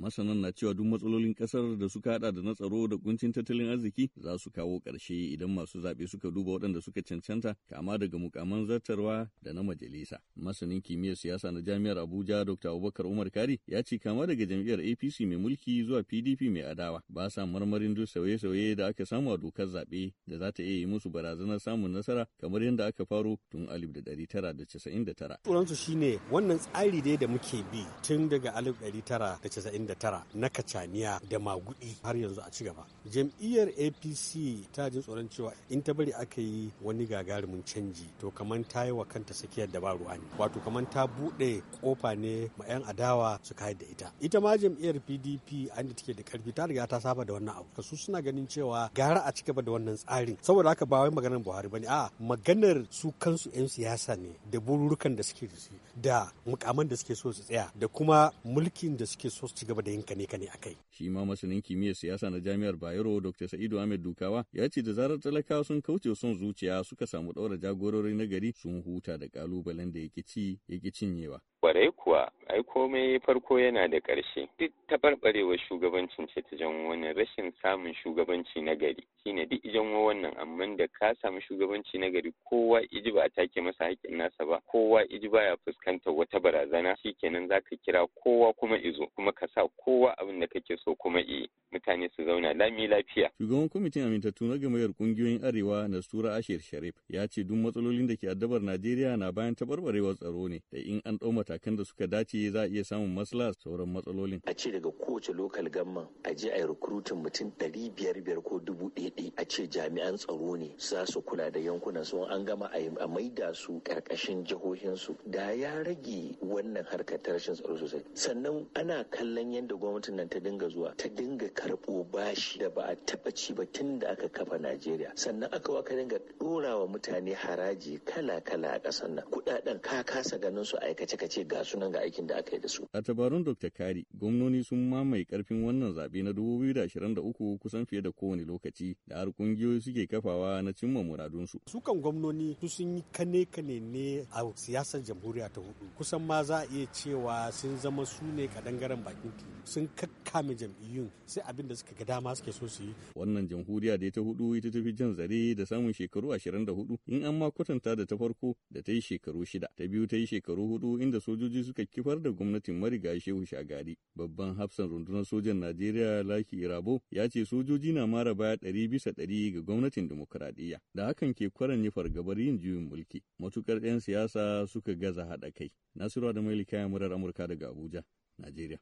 masanan na cewa duk matsalolin kasar da suka hada da na tsaro da kuncin tattalin arziki za su kawo karshe idan masu zaɓe suka duba waɗanda suka cancanta kama daga mukaman zartarwa da na majalisa masanin kimiyyar siyasa na jami'ar abuja dr abubakar umar kari ya ce kama daga jam'iyyar apc mai mulki zuwa pdp mai adawa ba sa marmarin duk sauye-sauye da aka samu a dokar zaɓe da za ta iya yi musu barazanar samun nasara kamar yadda aka faro tun 1999. su shine wannan tsari dai da muke bi tun daga 1999 tara na kacaniya da magudi har yanzu a ci gaba jam'iyyar apc ta jin tsoron cewa in ta bari aka yi wani gagarumin canji to kamar ta yi wa kanta sakiyar da ba ruwa ne wato kamar ta buɗe kofa ne ma 'yan adawa su kayar da ita ita ma jam'iyyar pdp an da take da karfi ta riga ta saba da wannan abu su suna ganin cewa gara a ci gaba da wannan tsarin saboda haka ba wai maganar buhari bane a maganar su kansu 'yan siyasa ne da bururukan da suke da su da mukaman da suke so su tsaya da kuma mulkin da suke so su ci gaba da yin kane kane akai shi ma masanin kimiyyar siyasa na jami'ar Bayero Dr. Sa'idu Ahmed Dukawa ya ce da zarar talakawa sun kauce son zuciya suka samu daura jagorori na gari sun huta da kalubalen da yake ci yake cinyewa kwarai kuwa ai komai farko yana da ƙarshe duk taɓarɓarewar shugabancin ce ta janwo wani rashin samun shugabanci na gari shine duk janwo wannan amma da ka samu shugabanci na gari kowa iji ba a take masa haƙƙin nasa ba kowa iji ya fuska fuskantar wata barazana shikenan za ka kira kowa kuma izo kuma ka sa kowa abin da kake so kuma iya mutane su zauna lami lafiya. Shugaban kwamitin amintattu na gamayyar kungiyoyin Arewa na sura Ashir Sharif ya ce duk matsalolin da ke addabar Najeriya na bayan tabarbarewar tsaro ne da in an ɗau matakan da suka dace za a iya samun maslaha sauran matsalolin. A ce daga kowace lokal gamman a je a yi rikurutun mutum ɗari biyar biyar ko dubu ɗaya a ce jami'an tsaro ne za su kula da yankunan su an gama a maida su ƙarƙashin jihohinsu da ya an rage wannan harkar tarashin rashin tsaro sosai sannan ana kallon yadda gwamnatin nan ta dinga zuwa ta dinga karɓo bashi da ba a taɓa ci ba tun da aka kafa najeriya sannan aka waka dinga ɗora wa mutane haraji kala kala a ƙasar nan kuɗaɗen ka kasa ganin su aikace kace ga sunan ga aikin da aka yi da su a tabarun dr kari gwamnoni sun mamaye karfin wannan zaɓe na dubu biyu da da ashirin uku kusan fiye da kowane lokaci da har kungiyoyi suke kafawa na cimma muradunsu. Sukan gwamnoni su sun yi kane-kane ne a siyasar jamhuriya ta hudu kusan ma za a iya cewa sun zama su ne kadangaren bakin tulu sun kakkame jam'iyyun sai abin da suka ga dama suke so su yi wannan jamhuriya da ta hudu ita ta fi jan zare da samun shekaru ashirin da hudu in an ma kwatanta da ta farko da ta yi shekaru shida ta biyu ta yi shekaru hudu inda sojoji suka kifar da gwamnatin mariga shehu shagari babban hafsan rundunar sojan najeriya laki irabo ya ce sojoji na mara baya ɗari bisa ɗari ga gwamnatin dimokuraɗiyya da hakan ke kwaranye fargabar yin juyin mulki matukar 'yan siyasa suka gaza haɗa kai. Nasiru da Mailika ya murar Amurka daga Abuja, Najeriya.